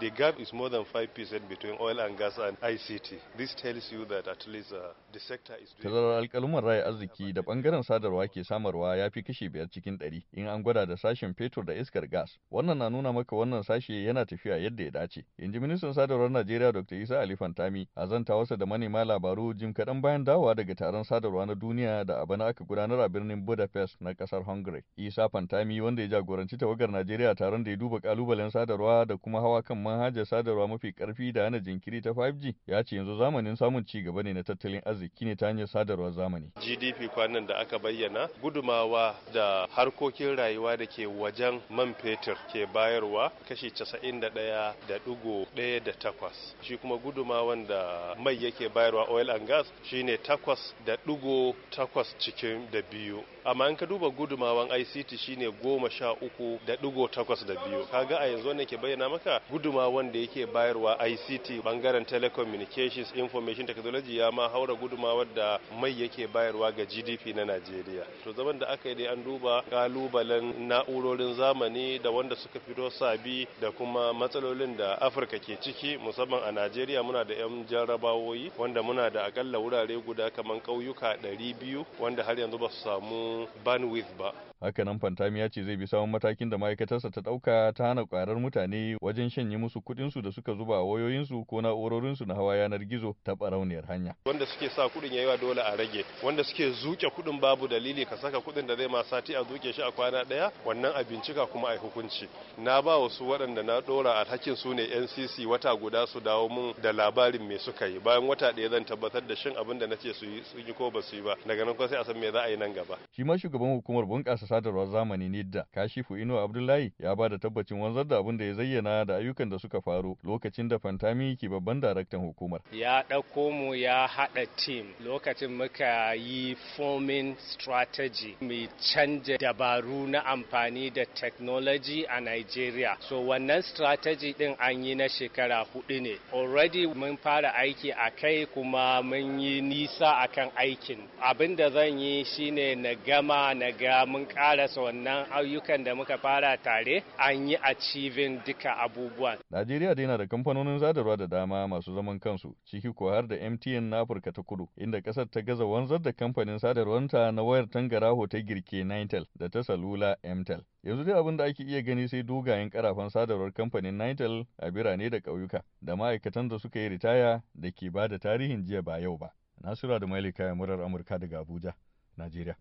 The gap is more than 5% between oil and gas and ICT. This tells you that at least uh, Tazarar alkalumar raya arziki da bangaren sadarwa ke samarwa ya fi kashi biyar cikin ɗari in an gwada da sashen fetur da iskar gas. Wannan na nuna maka wannan sashe yana tafiya yadda ya dace. In ji ministan sadarwar Najeriya Dr. Isa Ali Fantami a zantawarsa da manema labaru jim kaɗan bayan dawowa daga taron sadarwa na duniya da a bana aka gudanar a birnin Budapest na ƙasar Hungary. Isa Fantami wanda ya jagoranci tawagar Najeriya taron da ya duba kalubalen sadarwa da kuma hawa kan manhajar sadarwa mafi ƙarfi da hana jinkiri ta 5G ya ce yanzu zamanin samun ci gaba ne na tattalin arziki. biki ne ta hanyar sadarwar zamani. GDP kwanan da aka bayyana gudumawa da harkokin rayuwa da ke wajen man fetur ke bayarwa kashi 91.18 shi kuma gudumawan da mai yake bayarwa oil and gas shine 8.8 cikin da biyu amma in ka duba gudumawan ICT shine goma sha uku da digo takwas da biyu kaga a yanzu wannan ke bayyana maka gudumawan da yake bayarwa ICT bangaren telecommunications information technology ya ma haura gudumawar da mai yake bayarwa ga GDP na Najeriya to zaman da aka yi dai an duba kalubalen na'urorin zamani da wanda suka fito sabi da kuma matsalolin da Afirka ke ciki musamman a Najeriya muna da 'yan jarabawoyi wanda muna da akalla wurare guda kamar ƙauyuka 200 wanda har yanzu ba su samu ban with haka nan Fantami ya ce zai bi saman matakin da ma'aikatarsa ta ɗauka ta hana ƙwarar mutane wajen shanye musu su da suka zuba a wayoyin su ko su na hawa yanar gizo ta barauniyar hanya. Wanda suke sa kuɗin yayi wa dole a rage, wanda suke zuke kuɗin babu dalili ka saka kuɗin da zai ma sati a zuke shi a kwana daya wannan a bincika kuma a yi hukunci. Na ba wa su waɗanda na ɗora alhakin su ne NCC wata guda su dawo mun da labarin me suka yi bayan wata ɗaya zan tabbatar da shin abin da na ce su yi ko ba su yi ba daga nan kuma sai a san me za a yi nan gaba. Shi ma shugaban hukumar bunƙasa sadarwar zamani nidda kashifu ino abdullahi ya ba da tabbacin wanzar da abin da ya zayyana da ayyukan da suka faru lokacin da fantami ke babban daraktan hukumar ya ɗauko mu ya haɗa team lokacin muka yi forming strategy mai canja dabaru na amfani da technology a nigeria so wannan strategy din an yi na shekara hudu ne already mun fara aiki a kai kuma mun yi nisa akan aikin abin da zan yi shine na gama na ga mun karasa wannan ayyukan da muka fara tare an yi achieving duka abubuwa Najeriya dai na da kamfanonin sadarwa da dama masu zaman kansu ciki ko har da MTN na Afirka ta Kudu inda kasar ta gaza wanzar da kamfanin sadarwanta na wayar tangaraho ta girke Nitel da ta salula Mtel. Yanzu dai abin da ake iya gani sai dogayen karafan sadarwar kamfanin Nitel a birane da ƙauyuka da ma'aikatan da suka yi ritaya da ke bada tarihin jiya ba yau ba. Nasura da ya murar Amurka daga Abuja, Najeriya.